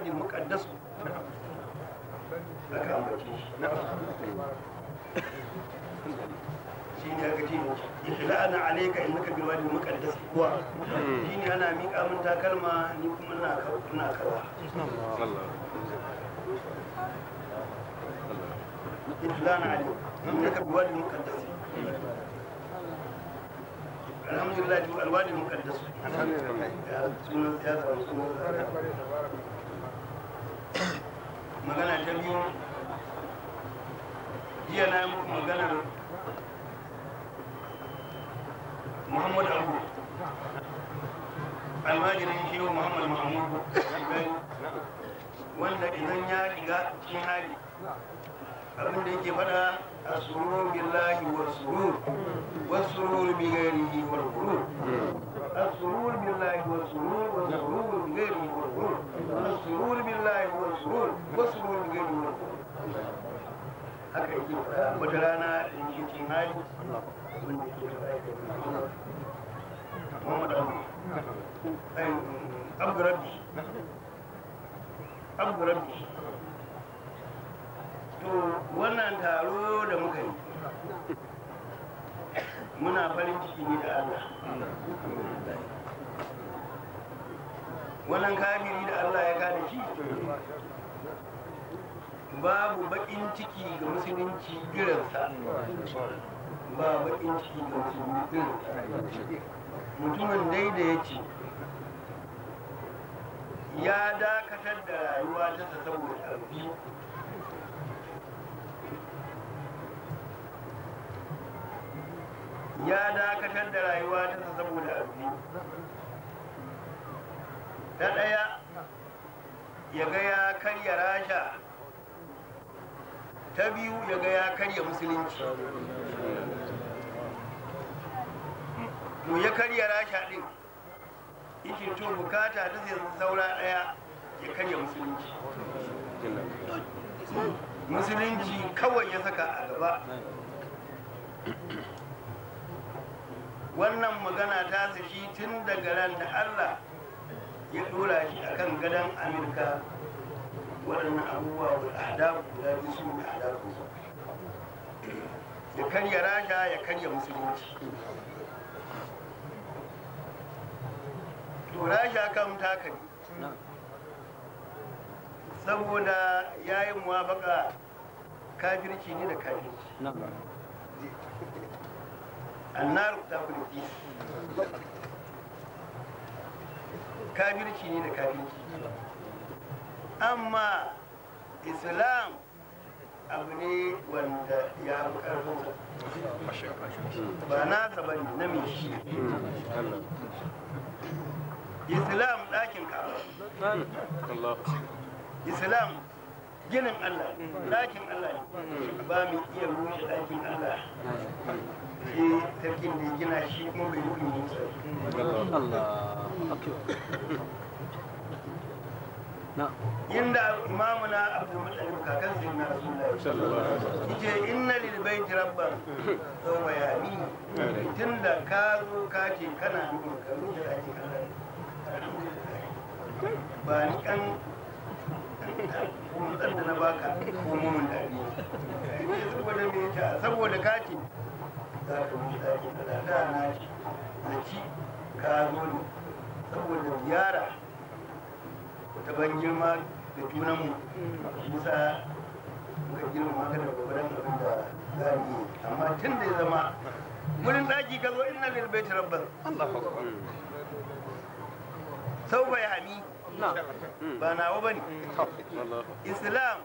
jihadin muqaddas aka ambace shi aka ce ihlana alayka innaka kuwa hmm. shine ana miƙa min takalma ni kuma na na karwa ihlana alayka innaka muqaddas alhamdulillah alwadi muqaddas sunan ya sunan magana ta biyu jiya na yi maganar muhammad abu almajirin shi muhammad muhammadu wanda idan ya riga cikin hali abin da yake fada السرور بالله والسرور والسرور بغيره والغرور السرور بالله والسرور والسرور بغيره والغرور السرور بالله والسرور والسرور بغيره والغرور haka yake wata rana in yi cin hali wanda ke da aiki Muhammad Abu Abu Rabbi Abu Rabbi to wannan taro da muka yi muna farin ciki ne da Allah wannan kafiri da Allah ya kada shi babu bakin ciki ga musulunci girinsa. ba bakin ciki ga musulunci irinsa mutumin dai da ya ce ya dakatar da rayuwa ta saboda abu ya dakatar da rayuwa ta saboda azumi ta ɗaya ya ga ya karya rasha ta biyu ya ga ya karya musulunci mu ya karya rasha ɗin ikin to bukata ta zai saura ɗaya ya karya musulunci musulunci kawai ya saka a gaba wannan magana ta shi tun daga ran da Allah ya dora shi a kan gadon Amurka waɗannan abubuwa wa adabu ya su da adabu ya karya raja ya karya musulunci to raja kan takari saboda ya yi muwafaka kafirci ne da kafirci annar ta kudu fi kafirci ne da kafirci amma islam abu ne wanda ya fi ba na ba na mai shi islam ɗakin ka'aba islam ginin allah ɗakin allah ne ba mu iya rushe ɗakin allah shi sarkin da ya shi kuma bai inda kakan na rasulullahi yace inna lil baiti rabban sawma ya amin ka zo ka ce kana nuna ka zo ka ce kana ba ni kan kuma da na baka ko mun da saboda me saboda ka ce za ka wuce za ka kaza da na zaci ka zo saboda ziyara ta ban girma da junanmu musa muka girma ka da babban abin da za mu yi amma tun da ya zama wurin daji ka zo inna lil baiti rabban Allahu akbar sau bayani ba nawa bane islam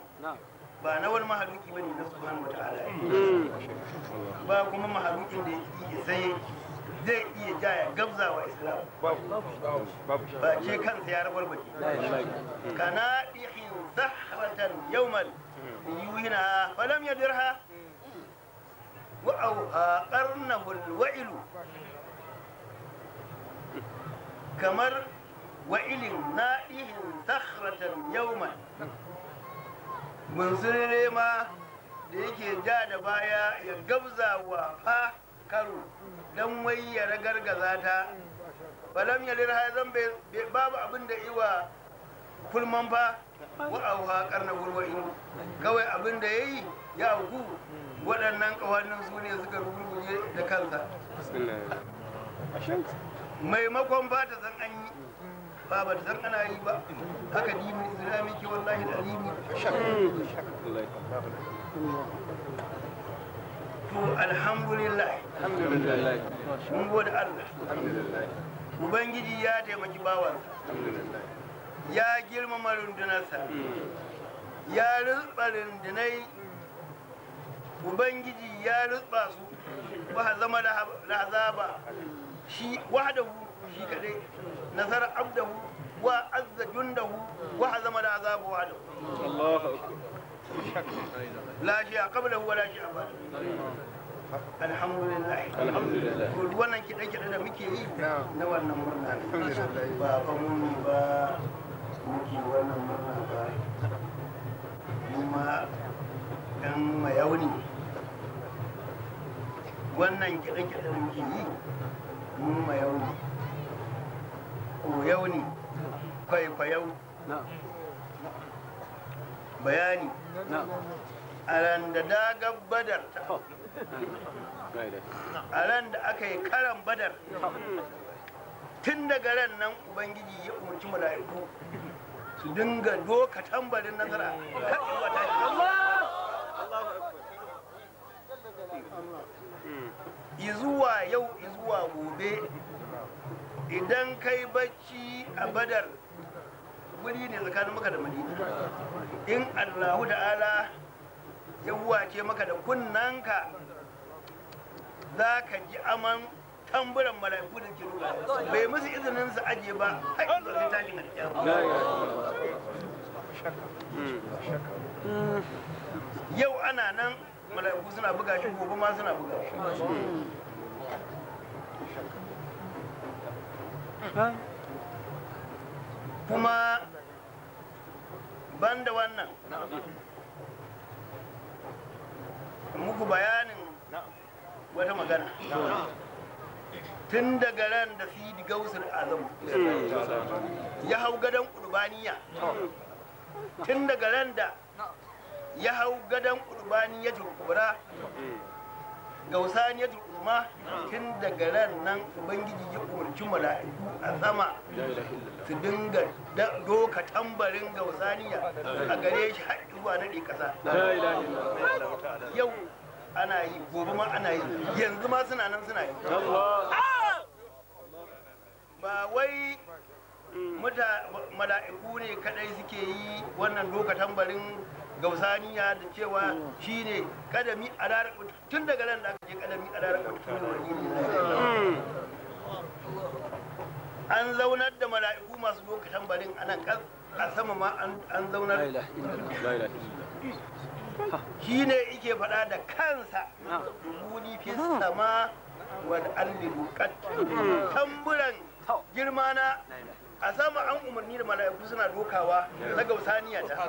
ba na wani ba bane na subhanahu wa ta'ala hmm. ba kuma mahalukin da yake zai zai iya jaya gabza wa islam ba ce kansa ya rabar baki hmm. kana dihin zahratan yawmal yuhina falam yadirha hmm. wa au qarnahu alwa'ilu kamar wa'ilin na'ihin zahratan yawmal mansur nema da yake ja da baya ya gabza wa fa karo don wai ya ragargaza ta balam ya lirha zan babu abin da iwa kulman fa wa auha karna gurwa'in kawai abin da yayi ya auku waɗannan kawannin su ne suka rubuje da kansa maimakon ba ta san an yi ba ba zan ana yi ba haka dini islami ke wallahi da alimi shak to alhamdulillah alhamdulillah mun gode Allah alhamdulillah ubangiji ya taimaki bawan ya girmama rundunarsa hmm. ya rutsa rundunai ubangiji ya rutsa su ba zama da azaba shi wahadahu shi kadai nasara abdahu wa azza jundahu wa hazama da azabu wa lahu Allahu akbar la alhamdulillah alhamdulillah wannan da yi mun ba muke wannan kuma wannan da muke yi mun koyau ne kwaikwayau bayani a ran da dagar badar a ran da aka yi karan badar tun daga ran nan ubangiji ya umarci mala'iku su dinga doka tambarin nazara kaɗi wata shi Izuwa yau izuwa gobe idan kai bacci a badar wuri ne tsakanin maka da madina in allahu Ala ya wace maka da kunnanka za ka ji aman tamburan mala'iku da ke nuna bai musu izinin su ajiye ba har zuwa sai tashin na yau ana nan mala'iku suna buga shi gobe ma suna buga shi kuma banda wannan muku bayanin wata magana tun daga ran da fi gausar azam ya hau gadon kurbaniya tun daga ran da ya hau gadon kurbaniya gausa ya jirgura amma tun daga ran nan ubangiji ya umarci mala'iku a sama su dinga doka tambarin gausaniya a gare shi haɗi zuwa naɗe ƙasa yau ana yi gobe ma ana yi yanzu ma suna nan suna yi ba wai mala'iku ne kadai suke yi wannan doka tambarin gausaniya da cewa shi ne kadami a rara tun daga nan da aka je kadami a rara an zaunar da mala'iku masu lokacin barin a nan a sama ma an zaunar shi ne ike faɗa da kansa rubuni fi ah. sama wa alli bukat tamburan girmana a sama an umarni da mala'iku suna dokawa na gausaniya ta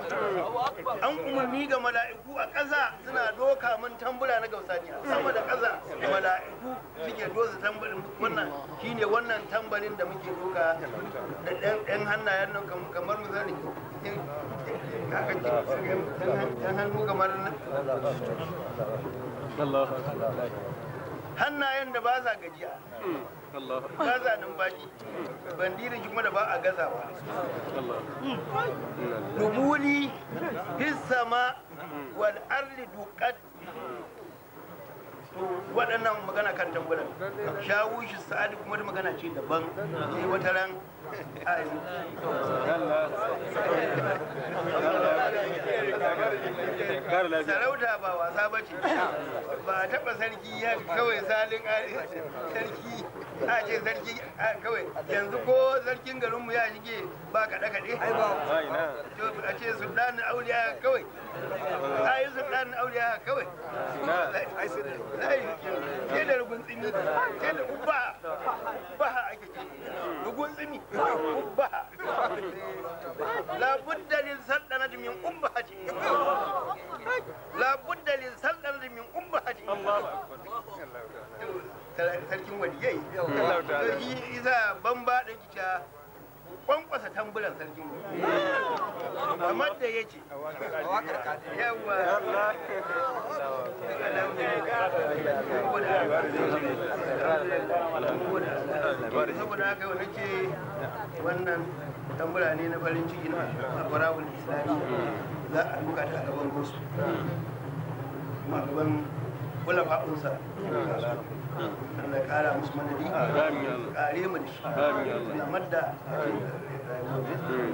an umarni ga mala'iku a ƙasa suna doka mun tambura na gausaniya sama da ƙasa mala'iku suke doza tambarin wannan shine wannan tambarin da muke doka da ɗan hannayen nan kamar misali ɗan hannu kamar Allah hannayen da ba sa gajiya ba sa numfashi bandirin shi da ba a gaza ba dubuli fis sama wal arli waɗannan magana kan tambayar shawu shi sa'adu kuma magana ce daban ne eh, wata ran sarauta ba wasa ba ce ba taɓa sarki ya kawai salin sarki a ce sarki kawai yanzu ko sarkin garinmu ya shige ba kaɗe kaɗe a ce sultanin auliya kawai a yi sultanin auliya kawai ke da rugun tsimi ke da ubba ba ake ce rugun tsimi ubba labudda lil saddanat min umma ce labudda waliyai yi hmm. isa ban ba da kica kwankwasa tambulan sarkin kamar da ya ce saboda haka wani ce wannan tambula ne na farin ciki na alfarawul islami za a duka ta gaban gosu kuma hmm. gaban kula fa'unsa hmm. Allah kara musu madadi kare mu da shi na madda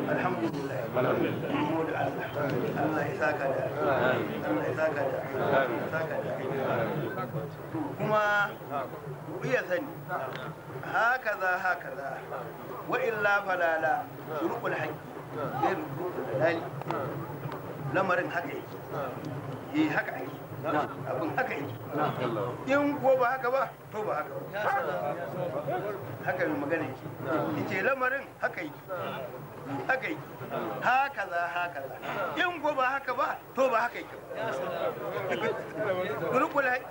alhamdulillah mu da Allah Allah ya saka da Allah ya saka da saka da kuma iya sani hakaza hakaza wa illa falala shurukul haqqi zai rubu da lamarin haka yake eh haka ake abin haka yake in kuwa ba haka ba to ba haka haka ne magana yake ce lamarin haka yake haka yake haka za haka za in kuwa ba haka ba to ba haka yake gurgul haƙi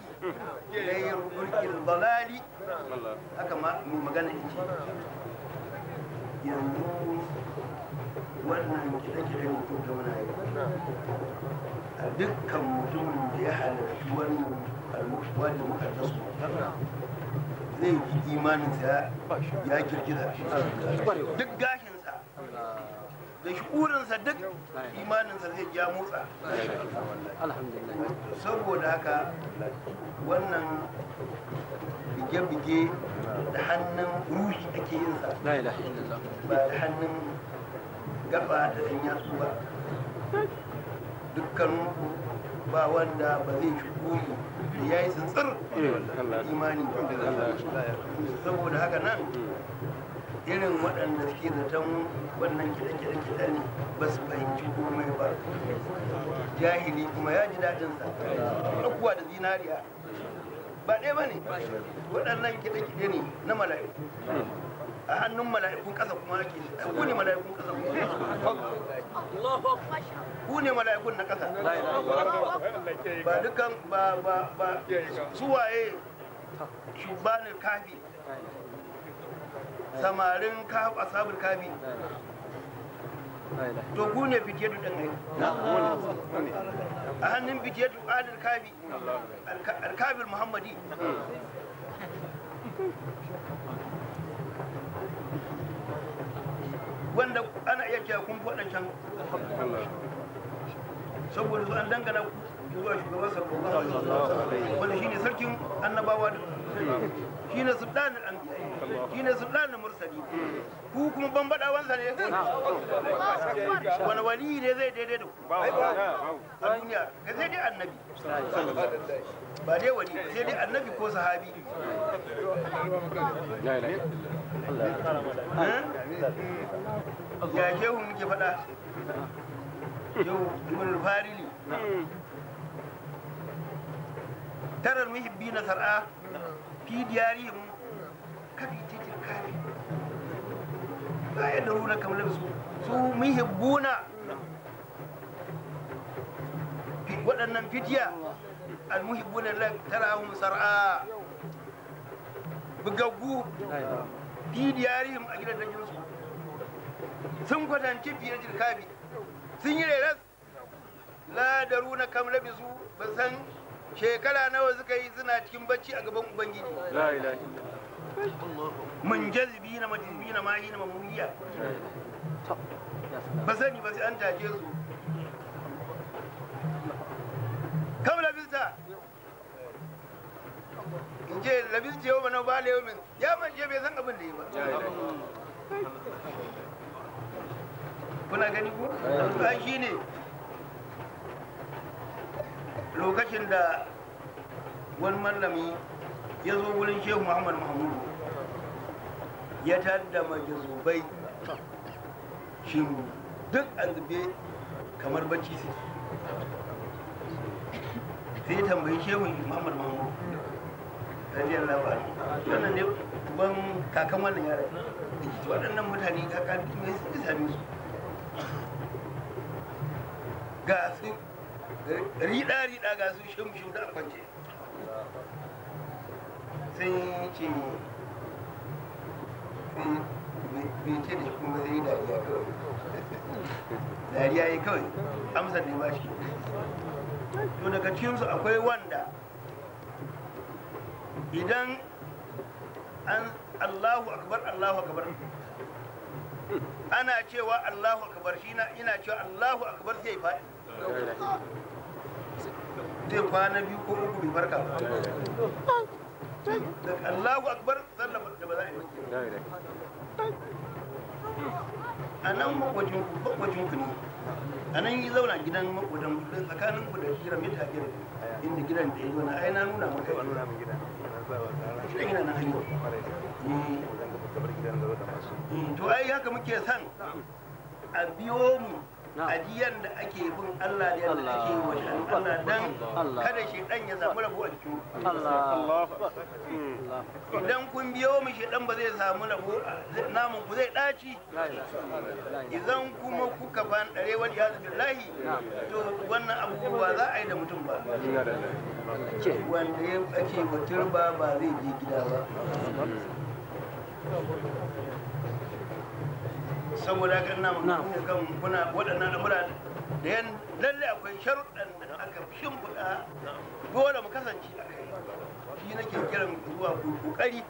layar gurgul balali haka ma mu magana yake yanzu wannan kiɗe-kiɗe ne ko ta wani dukkan mutumin da ya halarci wannan wanda muka tasu zai yi imaninsa ya kirkira duk gashinsa da shi'urinsa duk imaninsa zai ja motsa saboda haka wannan bige-bige da hannun ruhi ake yinsa ba da hannun gaba da ɗan yasu ba dukkaninku ba wanda ba zai shigo mu da eh, ya yi tsintsir imani saboda haka nan hmm. irin waɗanda suke zaton wannan kiɗe-kiɗe ne ba su fahimci komai ba jahili kuma ya ji daɗinsa ɗaukuwa da zinariya ba ɗaya ba ne waɗannan kiɗe-kiɗe ne na mala'iku hmm. a hannun mala'ikun ƙasa kuma ake ku ne mala'ikun ƙasa kuma? ku ne mala'ikun na ƙasa ba dukkan ba ba ba suwaye shubanin kafi samarin kafi asabul kafi to ku ne fitiyatu ɗin ai a hannun fitiyatu adil kafi alkabir muhammadi wanda ana iya cewa kun can saboda su an dangana zuwa shugaban sallallahu wanda shine sarkin annabawa shine sultanin an shine sultanin mursali ku kuma ban bada wansa ne wani wani ne zai daidai da ku ba. duniya ga sai dai annabi ba dai wani sai dai annabi ko sahabi hmm? Ya ke shehu muke faɗa shehu ibn farili tarar muhibbi na sar'a في ديارهم كبيتة الكافر لا يدرون كم لبسوا سوهم يحبون waɗannan fidiya almuhibbun lan tarahum sar'a bugaggu fi diyarihim a gidan dangin su sun kwatanci fiye jirkabi sun yi rairas la daruna kam labisu ba san shekara nawa suka yi suna cikin bacci a gaban ubangiji la ilaha mun jazibi na majizibi na mahi na mamuyiya ba sani ba sai an take su kam labista in ce labista yau mana ba da yau min ya manje bai san abin da yi ba kuna gani ko? shi ne lokacin da wani mallami ya zo wurin shehu muhammad mahmudu ya tadda majazubai shiru duk an zube kamar bacci su sai ya tambayi shehu muhammad mahmudu radiyallahu labari wannan ne ban kakan wannan yara waɗannan mutane kakan mai sun su ga su riɗa riɗa ga su shim shim da kwance sai ce mai hmm, ce da shi kuma zai yi dariya kawai dariya yi kawai amsar da ba shi to daga cikinsu akwai wanda idan an allahu akbar allahu akbar ana cewa allahu akbar shi na ina cewa allahu akbar zai faɗi zai kwana biyu ko uku bai farka ba da Allahu akbar da ba za a yi a nan makwajin ku ne a nan yi zauna gidan ku tsakanin ku da mita gida inda gidan da na ai nuna maka ba nuna gidan eh. gidan yana na hanyar to ai haka muke san a biyo mu ajiyan da ake bin Allah da yadda ake yi wa Allah dan kada shi dan ya samu rabo a jikin idan kun biyo mu shi dan ba zai samu rabo namun ku zai daci idan kuma kuka ban dare wani ya lahi to wannan abubuwa za a yi da mutum ba wanda ake wa turba ba zai je gida ba saboda haka ina magana kan kuna waɗannan lamura da yan lalle akwai sharuɗan da aka shimfiɗa dole mu kasance a kai shi nake kiran zuwa ku kokari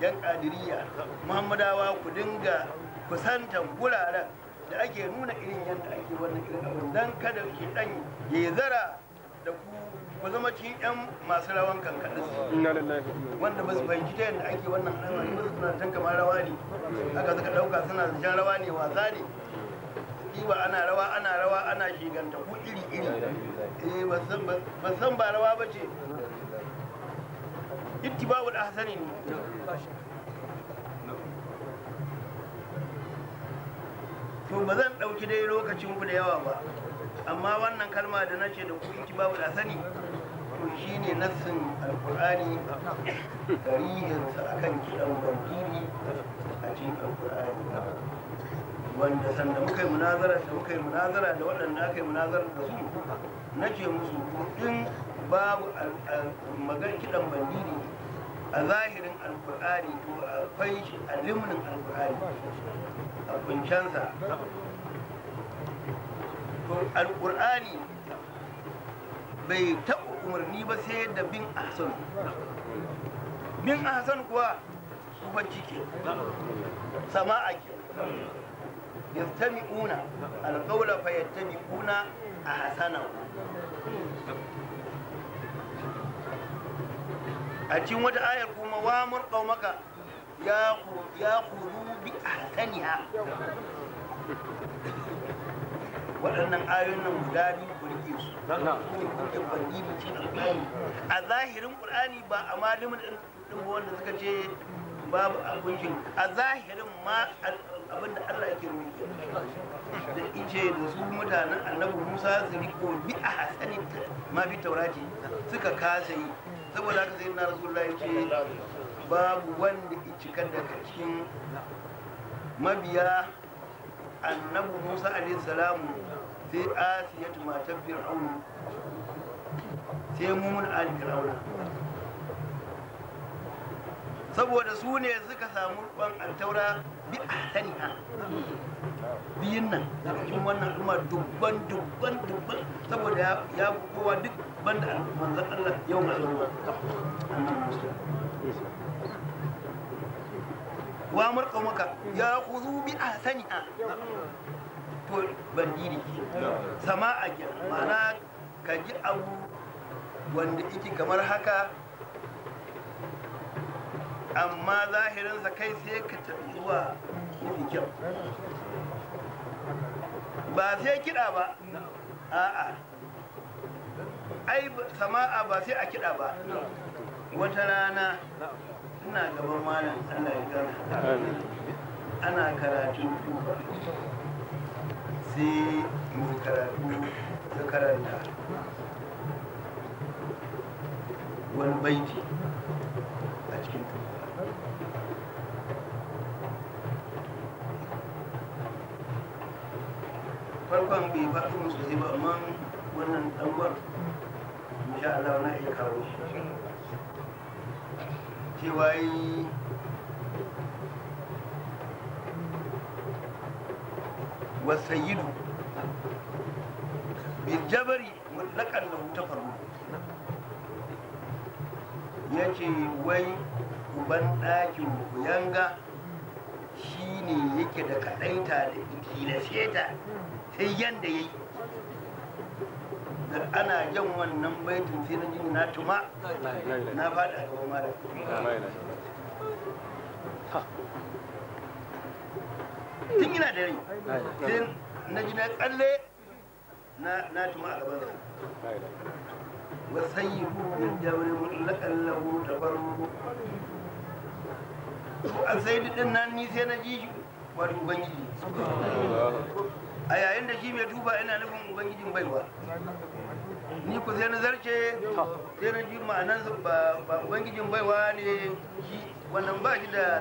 yan kadiriya muhammadawa ku dinga kusantan guraren da ake nuna irin yadda ake wannan irin abin dan kada shi dan ya da ku ku zama cikin yan masu rawan kankanas wanda ba su fahimci ta yadda ake wannan al'amari ba suna can kamar rawa ne Aka suka ɗauka suna jan rawa ne wasa ne diba ana rawa ana rawa ana shiganta ku iri iri eh ba san ba rawa ba ce ittiba'ul ahsani ne to ba zan ɗauki dai lokacin ku da yawa ba amma wannan kalma da nace da ku ittiba'ul ahsani to shi ne nassin alkur'ani tarihinsa a kan kiran bandiri a cikin alkur'ani wanda sanda muka yi munazara da muka yi munazara da waɗanda aka yi munazara da su na ce musu in babu magan kiɗan bandini a zahirin alkur'ani ko akwai shi a limnin alkur'ani a kuncansa to alkur'ani bai taɓa umarni ba sai da bin ahsan bin ahsan kuwa subanci ke a ke una alqawla fa yattabi'una una a a cikin wata ayar kuma wa murƙau maka ya kuru bi ahsaniha waɗannan ayoyin nan guda biyu goge su a zahirin qur'ani ba a ɗin ba wanda suka ce babu abin shi a zahirin ma abin da Allah yake roƙi da ice da su mutanen annabi Musa su riko bi a hasani ma fi taurati suka kasa yi saboda haka sai na ya ce babu wanda icika daga cikin mabiya annabi Musa alaihi salamu sai asiyatu matar fir'auna sai mumun ali fir'auna saboda su ne suka samu ruban altaura bi a ahsaniha biyun nan a cikin wannan al'umma dubban dubban dubban saboda ya kowa duk banda manzon Allah yau na zuwa wa murka maka ya kuzu bi a ahsaniha ko bandiri sama a mana ka ji abu wanda iki kamar haka amma zahirinsa kai sai ka tafi zuwa mafi kyau ba sai kiɗa ba a'a ai sama'a ba sai a kiɗa ba wata rana ina gaban malam Allah ya gana ana karatu zai yi karatu ya karanta wani baiti a cikin tuba farkon bai faɗi musu zai ba amma wannan ɗanwar insha Allah na iya kawo shi cewa yi والسيد بالجبر مطلقا له Ya yace wai uban ɗakin kuyanga shi ne yake da kaɗaita da tilashe sai yadda ya yi da ana jan wannan baitin sai na jini na tuma na faɗa ga mara tun ina da rai sai na ji na tsalle na tuma a gaban su wa sayyibu min jabrin mutlaqan lahu tabarruku ko an sai din nan ni sai na ji shi wani ubangiji a yayin da shi mai tuba ina nufin ubangijin baiwa ni ku sai na zarce sai na ji ma'anansa ba ubangijin baiwa ne shi wannan ba shi da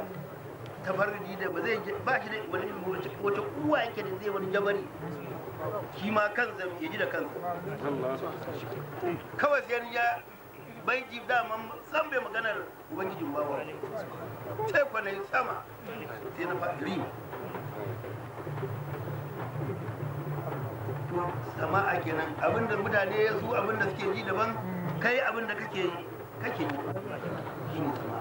tafarriji da ba zai ba shi da wani ilmi wata uwa yake da zai wani jabari shi ma kansa ya ji da kansa kawai sai ya bai ji dama san bai maganar ubangijin bawa sai kwana sama sai na fadiri sama a kenan abinda mutane ya su abinda suke ji daban kai abinda kake yi kake yi shi ne sama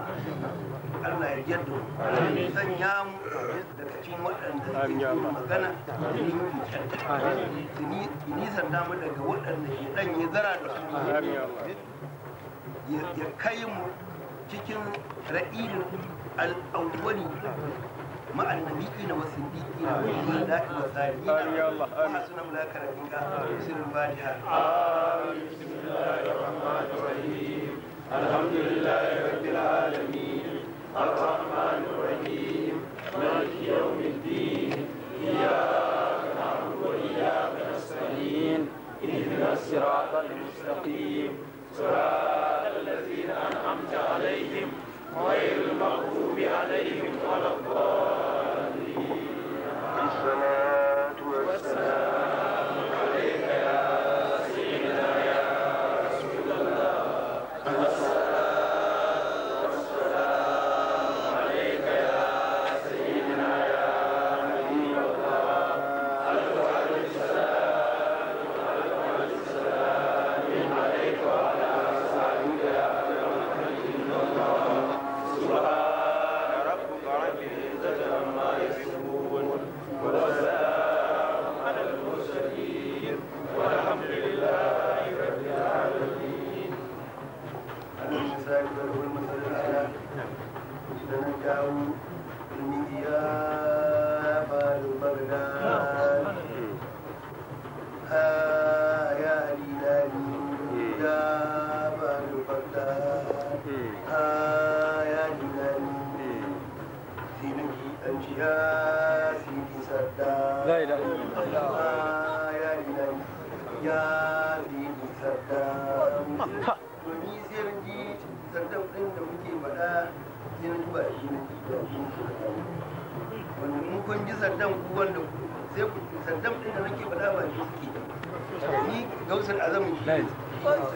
Allah ya yarda mu sanya mu daga cikin waɗanda ke magana ni nisan damu daga waɗanda ke dan ya zara da su ya kai mu cikin ra'ilin al'awwali مع النبيين والصديقين والشهداء والصالحين وحسن اولئك رفيقا سر الفاتحه امين بسم الله الرحمن الرحيم الحمد لله رب العالمين الرحمن الرحيم مالك يوم المستقيم صراط الذين أنعمت عليهم غير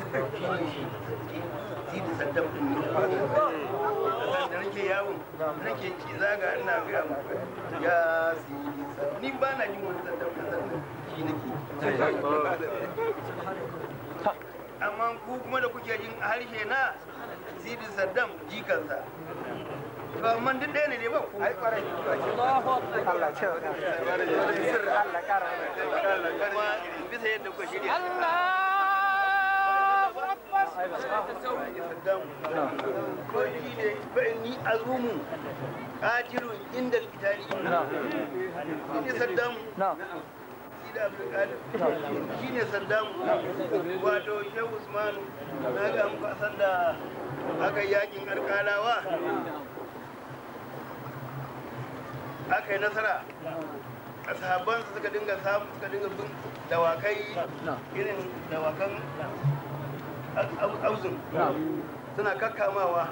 ji da saddam da nake yawon nake na jin wani saddam amma ku kuma da kuke jin harshe na sidi saddam jikansa to amma duk ɗaya ne ne ba ku ai kwarai Allah ce Allah kara Allah kara bisa yadda ku shirya Allah ne fa'inni azumu qatilun inda al-qitali ne saddam shi ne saddam wato shehu usman na ga muku sanda aka yakin karkarawa aka yi nasara a sahabbansa suka dinga samu suka dinga bin dawakai irin dawakan auzun suna kakkamawa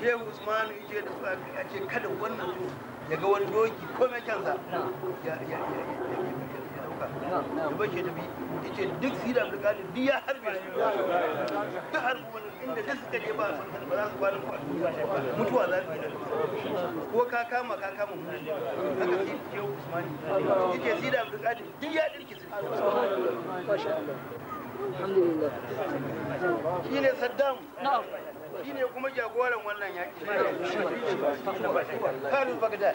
shehu usmanu yake da su a ce kada wannan su ya ga wani doki ko mai kyansa ya dauka ya tafi ya ce duk sida abdulkadir duk ya harbe su duk harbe wani inda duk suka je ba su ba za su kwanan mutuwa za su yi ko ka kama ka kama mutu haka sai shehu usmanu ya ce sida abdulkadir duk ya dirki su alhamdulillah shine saddam na'am kuma jagoran wannan yaki faru bagdad